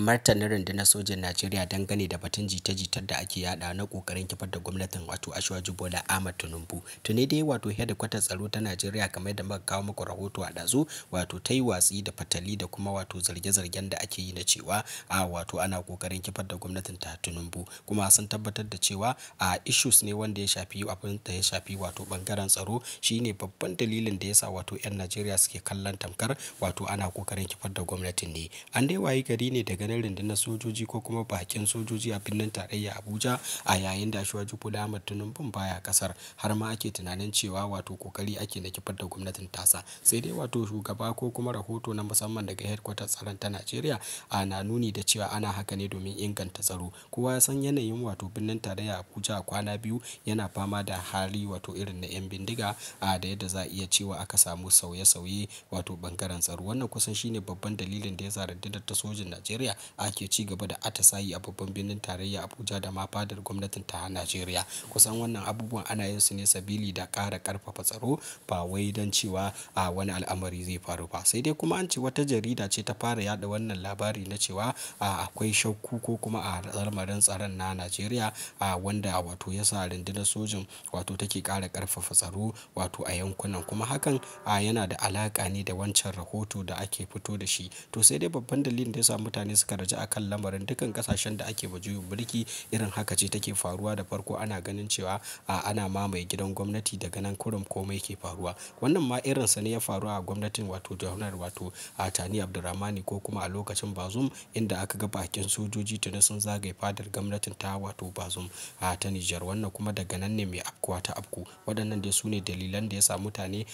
martanin rundunar sojan Najeriya dangane da batun jita-jitar da ake yada na kokarin kifar da gwamnatin wato Ashwaju Bola Ahmad Tinubu. Tuni dai wato hedikwatar tsaro ta Najeriya kamar da muka kawo muku rahoto a dazu wato ta yi watsi da fatali da kuma wato zarge-zargen da ake yi na cewa a wato ana kokarin kifar da gwamnatin ta Tinubu kuma sun tabbatar da cewa a issues ne wanda ya shafi abin da ya shafi wato bangaren tsaro shine babban dalilin da yasa wato 'yan Najeriya suke kallon tamkar wato ana kokarin kifar da gwamnatin ne. An dai wayi gari ne daga gangarin rundunar sojoji ko kuma bakin sojoji a birnin tarayya abuja a yayin da shuwa bola ahmad tinubu baya kasar har ma ake tunanin cewa wato kokari ake na kifar da gwamnatin tasa sai dai wato shugaba ko kuma rahoto na musamman daga headquarter tsaron ta najeriya na nuni da cewa ana haka ne domin inganta tsaro kowa ya san yanayin wato birnin tarayya abuja a kwana biyu yana fama da hali wato irin na yan bindiga a da yadda za a iya cewa aka samu sauye-sauye wato bangaren tsaro wannan kusan shine babban dalilin da ya sa rundunar ta sojin najeriya ake ci gaba da atisayi a babban birnin tarayya Abuja da ma fadar gwamnatin ta Najeriya. Kusan wannan abubuwan ana yin su ne sabili da ƙara ƙarfafa tsaro ba wai don cewa a wani al'amari zai faru ba. Sai dai kuma an ce wata jarida ce ta fara yada wannan labari na cewa akwai shakku ko kuma a lamarin tsaron na Najeriya a wanda wato ya sa rundunar sojin wato take ƙara ƙarfafa tsaro wato a yankunan kuma hakan a yana da alaƙa ne da wancan rahoto da ake fito da shi to sai dai babban dalilin da ya sa mutane suka suka a akan lamarin dukkan kasashen da ake juyin mulki irin haka ce take faruwa da farko ana ganin cewa a ana mamaye gidan gwamnati daga nan kurum komai ke faruwa wannan ma irin sa ne ya faru a gwamnatin wato jahunar wato a tani abdurrahmani ko kuma a lokacin bazum inda aka ga bakin sojoji tuni sun zagaye fadar gwamnatin ta wato bazum a ta nijar wannan kuma daga nan ne mai afkuwa ta afku waɗannan dai su ne dalilan da ya sa mutane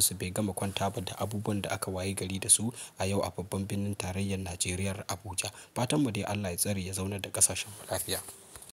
su bai gama kwanta ba da abubuwan da aka waye gari da su a yau a babban birnin tarayyar najeriya abuja Abuja. Fatan mu dai Allah ya tsare ya zaunar da ƙasashen lafiya.